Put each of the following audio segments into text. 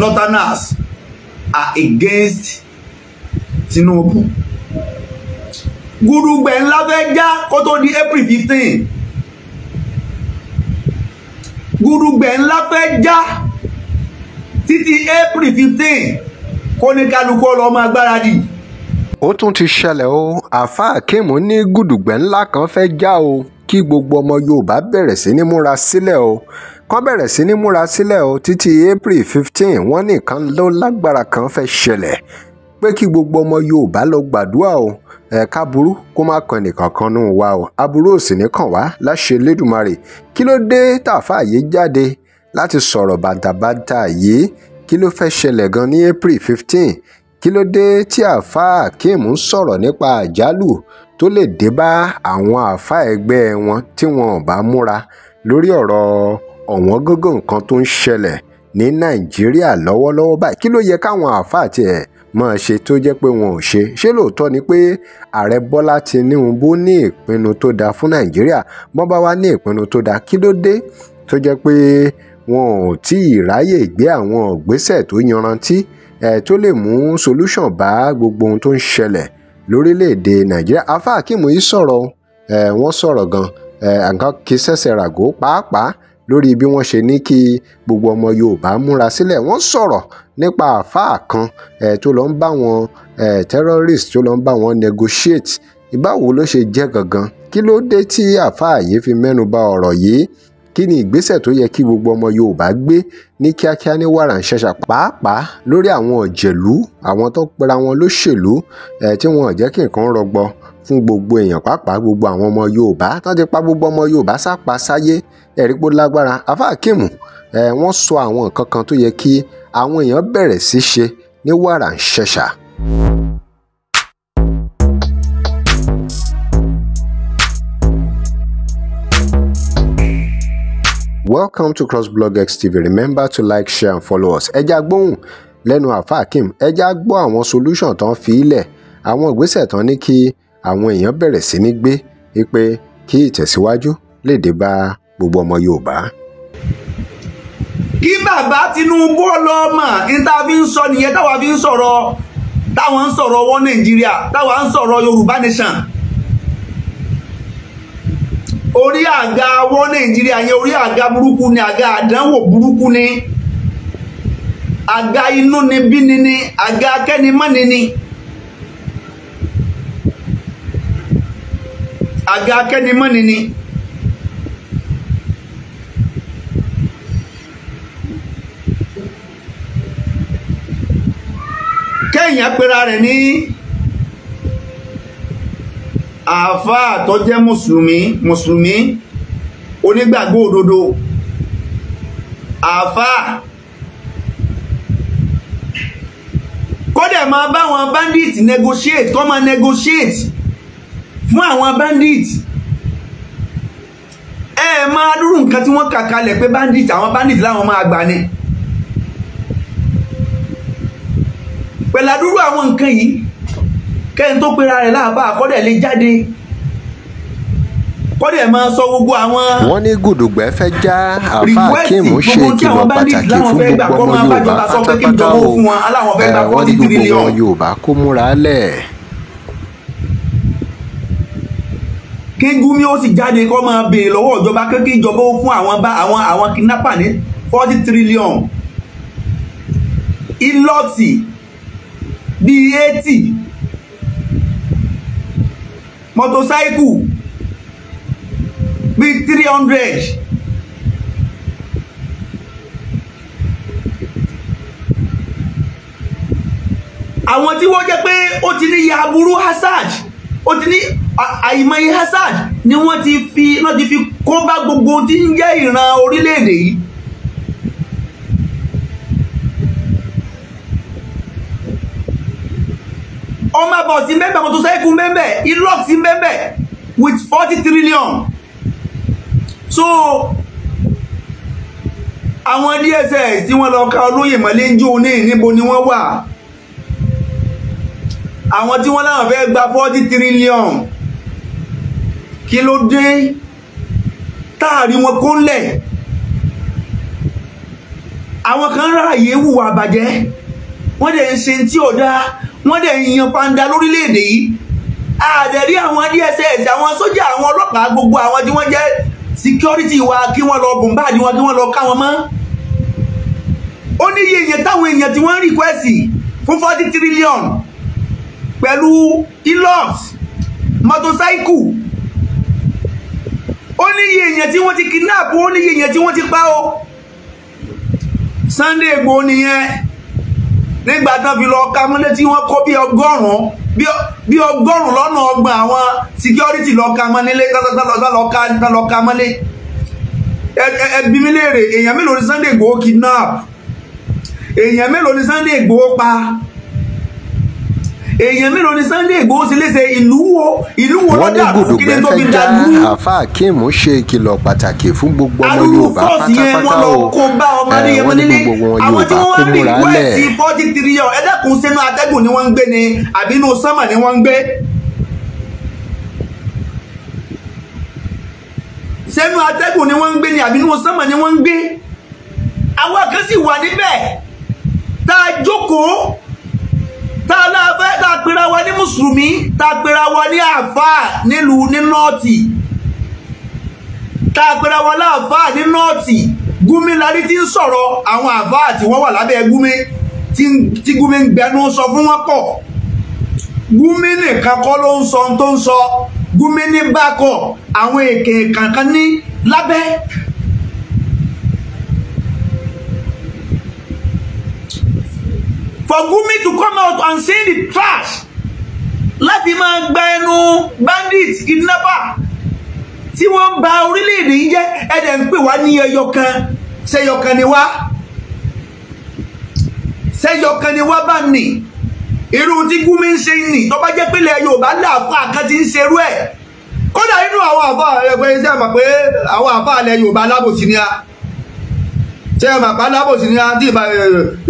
northerners are against Tinubu gudugbẹ ńlá fẹ́ já kó tó di April fifteen gudugbẹ ńlá fẹ́ já títí April fifteen kó ní kálukú ọlọ́mọ agbáradì ó tún ti ṣẹlẹ̀ o àáfàá akéemù ní gùdùgbẹ́ ńlá kan fẹ́ já o kí gbogbo ọmọ yorùbá bẹ̀rẹ̀ sí ní múra sílẹ̀ o kọ́ bẹ̀rẹ̀ sí ní múra sílẹ̀ o títí April fifteen wọ́n nìkan ló lágbára kan fẹ́ ṣẹlẹ̀ pé kí gbogbo ọmọ Yorùbá lọ gbàdúrà o ẹ̀ka burú kó má kan nìkan kan nù wá o aburú òsì ní kàn wá láṣẹ Elédùmarè kí ló dé tàfà yìí jáde láti sọ̀rọ̀ bàtàbàtà yìí kí ló fẹ́ ṣẹlẹ̀ gan ní April fifteen kí ló dé tí àfa Akeem ń sọ̀rọ̀ nípa àjálù tó lè dé bá àwọn àfa ẹgbẹ́ wọn tí wọn ò bá múra lórí ọ̀rọ̀ ọ̀wọ́ngógó nǹkan tó ń ṣẹlẹ̀ ní nàìjíríà lọ́wọ́lọ́wọ́ báyìí kí ló yẹ káwọn àáfàá tiẹ̀ máa ṣe tó jẹ́ pé wọn ò ṣe ṣé lóòótọ́ ni pé ààrẹ bọ́lá tinubu ní ìpinnu tó dáa fún nàìjíríà bọ́n bá wá ní ìpinnu tó dáa kí ló dé tó jẹ́ pé wọn ò tí ì ráyè gbé àwọn ìgbésẹ̀ tó yanrantí ẹ̀ tó lè mú solution bá gbogbo ohun tó ń ṣẹlẹ̀ lórílẹ̀‐èdè nàìjíríà afa akeem yìí sọ̀rọ̀ ẹ̀ wọ́n sọ̀rọ̀ gan-an ẹ̀ kì í ṣẹ̀ṣẹ̀ ràgó pàápàá lórí bí wọ́n ṣe ní kí gbogbo ọmọ Yorùbá múra sílẹ̀ wọ́n sọ̀rọ̀ nípa àáfàá kan ẹ̀ tó lọ ń bá wọn ẹ̀ terrorist tó lọ ń bá wọn negotiate ìbáwo ló ṣe jẹ́ gangan kí ló dé tí àáfàá yìí fi mẹ́nu bà ọ̀rọ̀ yìí kí ni ìgbésẹ̀ tó yẹ kí gbogbo ọmọ Yorùbá gbé ní kíákíá ní wàrà ń ṣẹ̀ṣà pàápàá lórí àwọn ọ̀jẹ̀lú àwọn tó pera wọn lóṣèlú ẹ̀ tí wọn ò jẹ́ kí nǹkan rọgbọ fún gbogbo èèyàn pàápàá gbogbo àwọn ọmọ Yorùbá tán ti pa gbogbo ọmọ Yorùbá sápa sáyé ẹ̀rí pó lágbára afa akéemù ẹ̀ wọ́n sọ àwọn nǹkan kan tó yẹ kí àwọn èèyàn bẹ̀rẹ̀ sí ṣe ní wàrà ń ṣẹ̀ṣà. welcome to crossblogX TV remember to like share and follow us ẹja gbóhùn lẹ́nu àfa akim ẹja gbọ́ àwọn solution tán fi ilẹ̀ àwọn ìgbésẹ̀ tán ní kí àwọn èèyàn bẹ̀rẹ̀ sí ní gbé pé kí ìtẹ̀síwájú lè dé bá gbogbo ọmọ Yorùbá. kí bàbá Tinubu ọlọ́mọ níta fi ń sọ nìyẹn táwa fi ń sọ̀rọ̀ táwọn ń sọ̀rọ̀ ọwọ́ Nàìjíríà táwa ń sọ̀rọ̀ Yorùbá nation orí àga wọ́n nàìjíríà yẹn orí àga burúkú ni àga àdánwò burúkú ni àga inú ni bí ni àga akẹ́nimọ́ni ni àga akẹ́nimọ́ni ni. kẹ́yìn apẹ̀rẹ̀ rẹ̀ ní. àáfàá tó jẹ́ mùsùlùmí mùsùlùmí onígbàgbọ́ òdodo àáfàá kódà máa bá àwọn bandit negotiate kọ́ máa negotiate fún àwọn bandit ẹ eh, máa dúró nǹkan tí wọ́n kà kalẹ̀ pé bandit àwọn bandit láwọn máa gbà ni pẹ̀lú àdúró àwọn nǹkan yìí kẹ́ni tó pera rẹ̀ láàbá àkọ́dẹ̀ lè jáde kọ́dẹ̀ máa sọ gbogbo àwọn. wọ́n ní gùdùgbẹ́ fẹ́ já àfa akéemù ṣe ìkìlọ̀ pàtàkì fún gbogbo ọmọ yorùbá pátápátá o wọ́n ní gbogbo ọmọ yorùbá kó múra lẹ̀. kí Gumi ó sì jáde kó máa béèrè lọ́wọ́ ìjọba kékeré ìjọba ó fún àwọn bá àwọn àwọn kidnapper ní forty trillion ilọ́ọ̀tì bíi eighty Motorcycle, bíi three hundred àwọn tí wọ́n jẹ́ pé ó ti ní ya aburú hasaj ó ti ní àìmọye hasaj ni wọ́n ti fi kó bá gbogbo tí ń jẹ́ ìran orílẹ̀-èdè yìí Labour sí mẹ́mbẹ̀ kò tó sẹ́kù mẹ́mbẹ̀ Iraq sí mẹ́mbẹ̀ with forty trillion so àwọn DSS tí wọ́n lọ ka olóyè mọ́lé ń jó ní níbo ni wọ́n wà àwọn tí wọ́n láwọn fẹ́ gba forty trillion kí ló dé táàrí wọn kó lẹ̀ àwọn kan ráàyè hùwà bàjẹ́ wọ́n dẹ̀ ń ṣe tí ò dáa wọ́n dẹ̀ yan panda lórílẹ̀‐èdè yìí àdẹ̀rí àwọn DSS àwọn sójà àwọn ọlọ́pàá gbogbo àwọn tí wọ́n jẹ́ security wa kí wọ́n lọ bùnbá àdí wọn kí wọ́n lọ ká wọn mọ́ ó ní iye èèyàn táwọn èèyàn tí wọ́n ń rìkwẹ́sì fún forty trillion pẹ̀lú ilox mọ́tòsáìkù ó ní iye èèyàn tí wọ́n ti kidnap ó ní iye èèyàn tí wọ́n ti pa ó Sunday Igboho nìyẹn nígbà tán fi lọ ka mọ́lé tí wọ́n kó bí ọgọ́rùn-ún bí ọgọ́rùn-ún lọ́nà ọgbọ̀n àwọn security lọ ka mọ́lé lọ ka mọ́lé ẹbí mi léèrè èèyàn mélòó ni Sunday Igboho kidnap èèyàn mélòó ni Sunday Igboho pa èèyàn mélòó ni Sunday Igboho sì léṣe ìlú ìlú wo ló dà fún kí ni tó fi dà lú. wọ́n ní gùdùgbẹ́ fẹ́ já àfa akeem ṣe ìkìlọ̀ pàtàkì fún gbogbo ọmọ yorùbá pátápátá o wọ́n atẹ́gùn ni wọ́n ń gbé ni àbínú sánmà ni wọ́n ń gbé àwọn kan sì wà níbẹ̀ tá a jókòó tá a náà fẹ́ tá a pera wa ní mùsùlùmí tá a pera wa ní àáfàá nílùú ní nọ́ọ̀tì tá a pera wa láàfàá ní nọ́ọ̀tì gúnmi larí ti ń sọ̀rọ̀ àwọn àáfàá tí wọ́n wà lábẹ́ gúnmi tí gúnmi ń gbẹnu sọ fún wọn pọ̀ gúnmi nìkan kọ́ ló ń sọ tó ń sọ gúnmi ní bákọ̀ àwọn èkè kankan ní lábẹ́ for Gumi to come out and say the trash láti máa gba ẹnu bandit kidnapper tí wọ́n ń ba orílẹ̀-èdè yìí jẹ́ ẹ̀dẹ̀ ń pè wá ní ẹyọkan ṣẹyọkan ni wá ṣẹyọkan ni wá bá nì irú tí Gumi ń ṣe nì tó bá jẹ́ pélé Yorùbá láàfáà kan ti ń ṣerú ẹ̀ kódà nínú àwọn àfáà ẹgbẹ́ iṣẹ́ àmọ̀ pé àwọn àfáà ilẹ̀ Yorùbá alábòsí ni a ṣé ẹ máa padà bò sí ní àti ìbá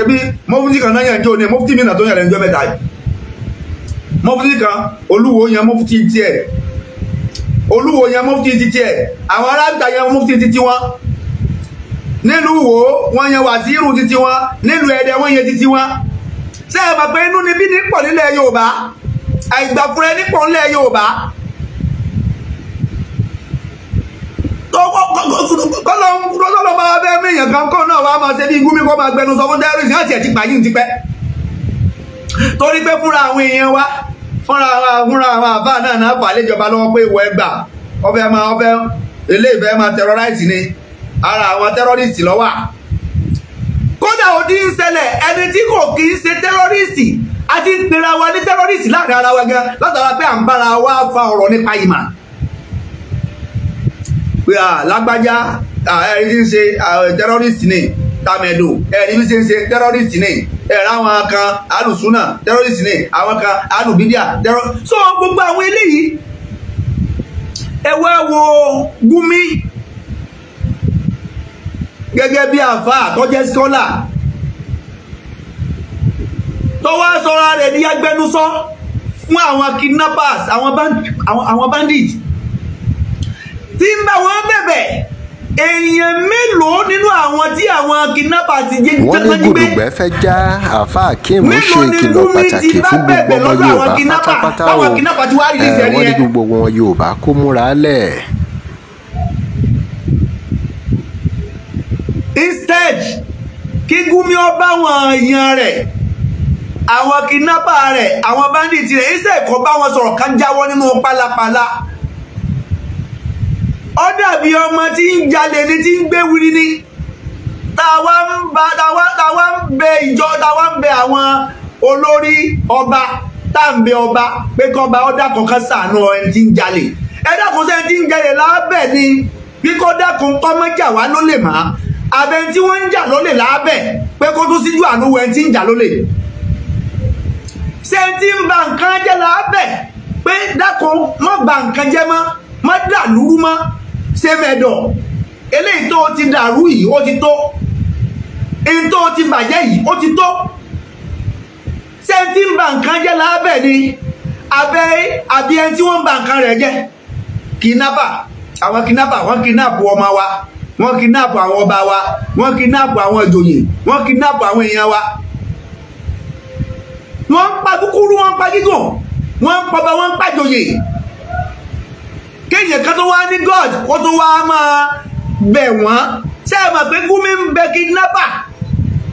ẹbí mọ́fútì kan náà yẹn jó ni mọ́fútì mi nà tó yẹn lẹ́nu jọ mẹ́ta yìí mọ́fútì kan olúwo yẹn mọ́fútì tiẹ̀ olúwo yẹn mọ́fútì ti tiẹ̀ àwọn alágbà yẹn mọ́fútì ti ti wọn nílùú wo wọ́n yẹn wàsíìrù ti ti wọn nílùú ẹ̀dẹ̀ wọ́n yẹn ti ti wọn ṣé ẹ mọ̀ pé inú ni bí ní pọ̀ nílẹ̀ Yorùbá àìgbàfúrẹ́ nípò nílẹ̀ Yorùbá tọ́lọ́ torí pé fúnra àwọn èèyàn wa fúnra fúnra àwọn àbá náà náà fà léjọba lọ́wọ́ pé ìwọ ẹgbà ọfẹ́ ma ni ara àwọn kódà ẹni tí kò kì ṣe àti wa ní láàrin pé lágbájá ẹni tí ń ṣe terrorist ni tàmẹ̀dò ẹni bí ṣe ń ṣe terrorist ni ẹ̀rọ àwọn kan alùsùnà terrorist ni àwọn kan alùbídíà terrorist so gbogbo àwọn eléyìí ẹ wá wo Gumi gẹ́gẹ́ bí àfa àtọ́jẹ́ skọ́là tó wá sọ́ra rẹ̀ ní agbẹnusọ fún àwọn kidnappers àwọn bandits tí ń bá wọn bẹ̀bẹ̀ èèyàn mélòó nínú àwọn tí àwọn kidnapper ti jẹ́ tẹ́tẹ́ nígbẹ́. wọ́n ní gùdùgbẹ́ fẹ́ já àáfà akéemù ṣe ìkìlọ̀ pàtàkì fún gbogbo ọmọ yorùbá pátápátá o wọ́n ní gbogbo wọn yorùbá kó múra lẹ̀. instead kí Gumi ó bá wọn èèyàn rẹ̀ àwọn kidnapper rẹ̀ àwọn bandits rẹ̀ instead kó bá wọn sọ̀rọ̀ ká jáwọ́ nínú pálapàla. No ó dàbí ọmọ tí ń jalè ní tí ń gbé wiri ni táwa ń ba táwa táwa ń bẹ ìjọ táwa ń bẹ àwọn olórí ọba tá à ń bẹ ọba pé kọba ó dákun kan ṣàánú ẹni tí ń jalè ẹ dákun sẹ́ni tí ń jalè lábẹ́ ni bí kò dákun kọ́mọ́jà wa ló lè máa abẹ tí wọ́n ń jà lólè lábẹ́ pé kó tún síjú àánú wẹ tí ń jà lólè ṣé tí ń ba nǹkan jẹ́ lábẹ́ pé dákun má ba nǹkan jẹ́ mọ́ má dàlúrú mọ́ sẹ́mẹ̀dọ̀ eléyìí tó ti dàrú yìí ó ti tó in ti bàjẹ́ yìí ó ti tó tí ń ba nǹkan jẹ́ lábẹ́ ni abẹ́ àbí ẹni tí wọ́n ń ba nǹkan rẹ̀ jẹ́ kidnapper àwọn kidnapper wọ́n kidnap ọmọ wa wọ́n kidnap àwọn ọba wa wọ́n kidnap àwọn ìjòyè wọ́n àwọn èèyàn pa kúkúrú wọ́n pa gígùn wọ́n pa wọ́n pa kéèyàn kan tó wá ní god kó tó wá máa bẹ̀ wọ́n ṣé ẹ mọ̀ pé gúnmi ń bẹ kidnapper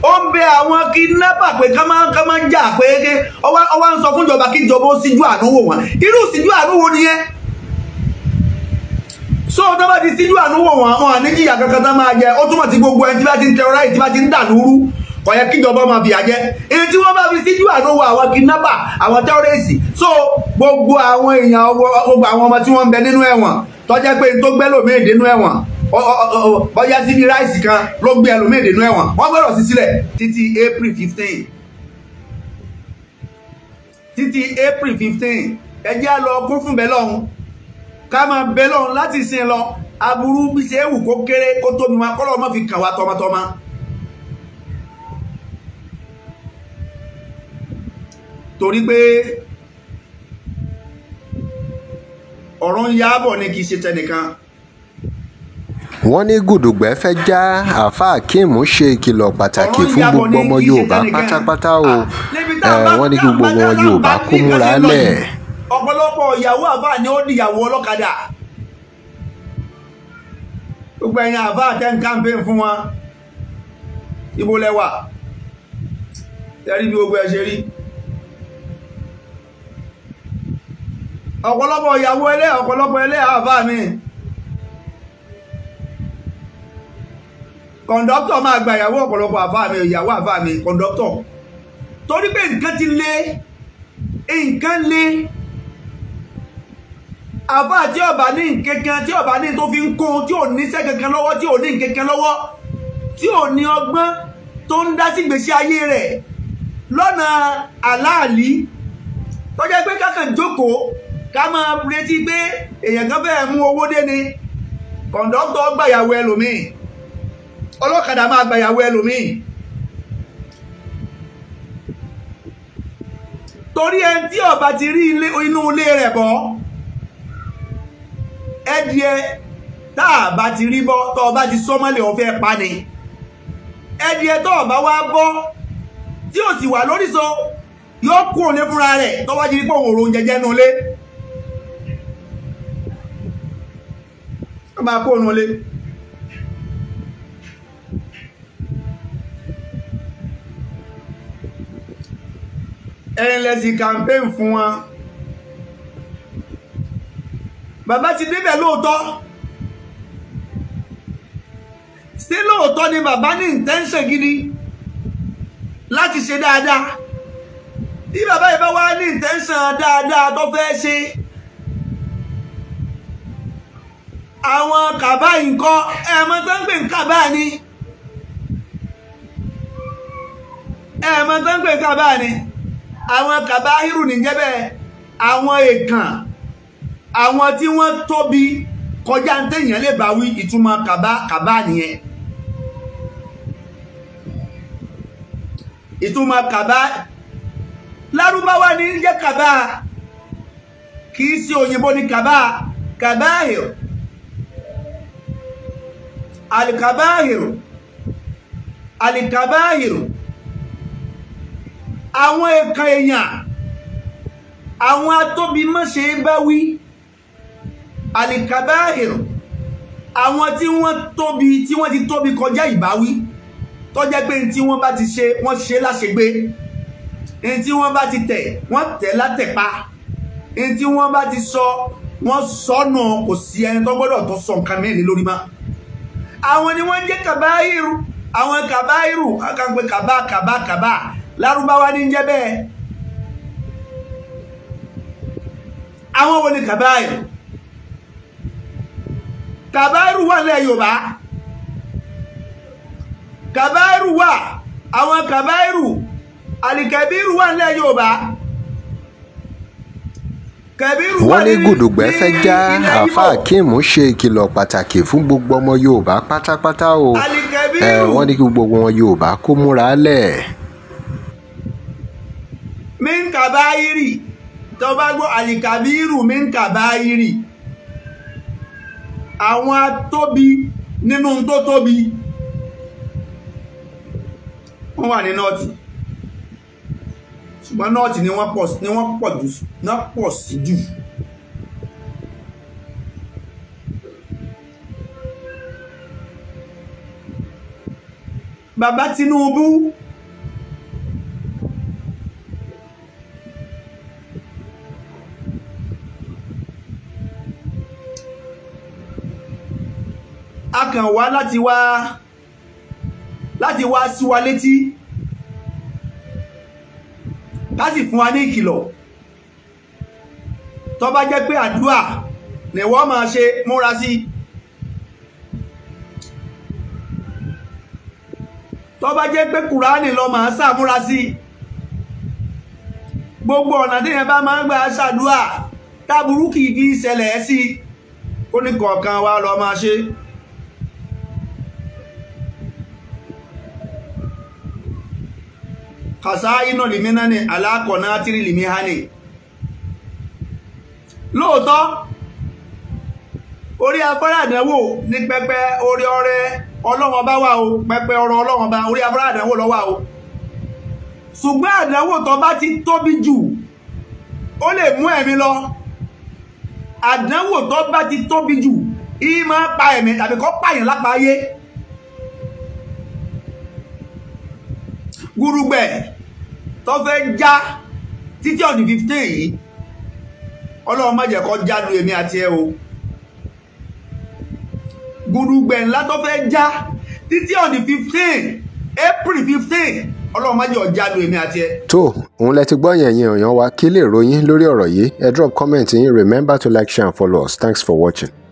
ó ń bẹ àwọn kidnapper pé ká máa ká máa jà pé ké ọwọ́ ń sọ fún ìjọba kí ìjọba ó síjú àánú so tó bá ti síjú àánú wò wọ́n àwọn àníjìyà kankan tá máa jẹ ó túmọ̀ sí gbogbo ẹni tí bá ti ń tí bá ti ń kò yẹ kíjọba máa fi àjẹ èyí tí wọ́n bá fi síjú àánú wo àwọn kidnapper àwọn terrorists so gbogbo àwọn èèyàn gbogbo àwọn ọmọ tí wọ́n ń bẹ nínú ẹ̀wọ̀n tó jẹ́ pé tó gbẹ́ lòmíì dínú ẹ̀wọ̀n bọ́yá sí ní ráìsì kan ló gbé ẹlòmíì dínú ẹ̀wọ̀n wọ́n gbọ́dọ̀ sí sílẹ̀ títí April fifteen títí April fifteen ẹ jẹ́ lọ kún fún bẹ́ẹ̀ lọ́hùn ká máa bẹ́ẹ̀ lọ́hùn láti sin lọ aburú bí ṣe é wù kó kéré kó tóbi máa kọ́lọ́ ọmọ fi kàn wá tọmọtọmọ. torí pé ọ̀rọ̀ ń yábọ̀ ni kì í ṣe tẹnìkan. wọ́n ní gùdùgbẹ́ fẹ́ já àáfà akeem ṣe ìkìlọ̀ pàtàkì fún gbogbo ọmọ yorùbá pátápátá o wọ́n ní kí gbogbo ọmọ yorùbá kó múra lẹ̀. ọ̀pọ̀lọpọ̀ ìyàwó àbá ni ó di ìyàwó ọlọ́kadà gbogbo ẹ̀yin àbá àtẹ́ ń fún wọn ibo lẹ́wà tẹ́rí bí gbogbo ẹ̀ ṣe rí. ọ̀pọ̀lọpọ̀ ìyàwó ẹlẹ́ ọ̀pọ̀lọpọ̀ ẹlẹ́ àbá mi kọ̀ǹdọ́tọ̀ máa gba ìyàwó ọ̀pọ̀lọpọ̀ àbá mi ìyàwó àbá mi kọ̀ǹdọ́tọ̀ torí pé nǹkan ti le nǹkan le àbá tí ọba ní nǹkankan tí ọba ní tó fi ń kó tí ò níṣẹ́ kankan lọ́wọ́ tí ò ní nǹkankan lọ́wọ́ tí ò ní ọgbọ́n tó ń dá sí ìgbésí ayé rẹ̀ lọ́nà àláàlí tó jẹ́ pé kákan jókòó ká máa retí pé èèyàn kan fẹ́ẹ̀ mú owó dé ni kọ̀ǹdọ́tọ̀ gbàyàwó ẹlòmíì ọlọ́kadà máa gbàyàwó ẹlòmíì torí ẹni tí ọba ti rí inú ilé rẹ̀ bọ́ ẹdìẹ tá a bá ti rí bọ́ tọ́ ọba ti sọ́mọ́lẹ̀ ọ̀fẹ́ pa ni ẹdìẹ tọ́ ọba wá bọ́ tí ò sì wà lóríṣọ yóò kúrò ní fúnra rẹ̀ tọ́wájú ní pé òun òrò oúnjẹ jẹ́ nulẹ̀. bá kó ònú lé ẹ̀yìn lẹ́sì campaign fún wọn bàbá ti débẹ̀ lóòótọ́ sí lóòótọ́ ni bàbá ní intention gidi láti ṣe dáadáa bí bàbá yìí bá wá ní intention dáadáa tó fẹ́ ṣe àwọn kàbá nǹkan ẹ̀mọ tó ń pè ń kàbá ni ẹ̀mọ tó ń pè ń kàbá ni àwọn kàbá irú nìjẹ́ bẹ́ẹ̀ àwọn èèkàn àwọn tí wọ́n tóbi kọjá ń téèyàn lè bá wí ìtumọ̀ kàbá kàbá nìyẹn ìtumọ̀ kàbá lárúbáwá ní jẹ́ kàbá kì sí òyìnbó ní kàbá kàbá yìí alikabahiru alikabahiru àwọn ẹ̀ka èèyàn àwọn atóbimọ́ṣe bá wí alikabahiru àwọn tí wọ́n tóbi tí wọ́n ti tóbi kọjá ìbáwí tó jẹ́ pé tí wọ́n bá ti ṣe wọ́n ṣe láṣegbé ní tí wọ́n bá ti tẹ̀ wọ́n tẹ̀ látẹ̀pa ní tí wọ́n bá ti sọ wọ́n sọ́nà kò sí ẹni tó gbọ́dọ̀ tó sọ nǹkan mẹ́rin lórí máa àwọn ni wọ́n jẹ́ kàbáyìrù àwọn kàbáyìrù akàgbé kàbá kàbá kàbá lárúbáwá ní jẹ́ bẹ́ẹ̀ àwọn wo ni kàbáyìrù kàbáyìrù wà lẹ́ Yorùbá kàbáyìrù wà àwọn kàbáyìrù àlìkàbíyìrù wà lẹ́ Yorùbá wọ́n ní gùdùgbẹ́ fẹ́ já àáfàá kíìmù ṣe ìkìlọ̀ pàtàkì fún gbogbo ọmọ yorùbá pátápátá o ẹ wọ́n ní kí gbogbo wọn yorùbá kó múra lẹ̀. mi ń kà bá irì tó bá gbọ́ àlìkàbírù mi ń kà bá irì àwọn atóbi nínú tó tóbi wọ́n wà ní nọ́ọ̀tì ṣùgbọ́n nọ́ọ̀tì ni wọ́n pọ̀ ni wọ́n pọ̀ jù náà pọ̀ sí jù. bàbá Tinubu a kàn wá láti wá láti wá sí wa létí ká sì fún wa ní ìkìlọ̀ tó bá jẹ́ pé àdúà ni wọ́n máa ṣe múra sí tó bá jẹ́ pé kùránì lọ máa ṣàmúra sí gbogbo ọ̀nà tí yẹn bá máa ń gbà ṣàdúà táburú kì fi ṣẹlẹ̀ sí i ó ní kọ̀ọ̀kan wa lọ máa ṣe. kàsáínú lìmínà ni alákọ̀ọ́nà tírì lìmíhá ni lóòótọ́ orí afárá àdánwò ní pẹpẹ orí ọrẹ ọlọ́wọ́n bá wà o pẹpẹ ọrọ̀ ọlọ́wọ́n bá orí afárá àdánwò lọ́wọ́ o ṣùgbọ́n àdánwò tó bá ti tóbi jù ó lè mú ẹ̀mí lọ àdánwò tó bá ti tóbi jù ìmọ̀ pa ẹ̀mí tàbí kó pààyàn lápá ayé Gurugbẹ̀ tó fẹ́ já títí ọ̀dì fifteen yìí ọlọ́run má jẹ́ kó jánu èmi àti ẹ o Gurugbẹ̀ ńlá tó fẹ́ já títí ọ̀dì fifteen April fifteen ọlọ́run má jẹ́ ó jánu èmi àti ẹ. tó òun lẹ ti gbọ́ yẹn yẹn èèyàn wa kí lè ròyìn lórí ọ̀rọ̀ yìí ẹ drop comment yín remember to like share and follow us thanks for watching.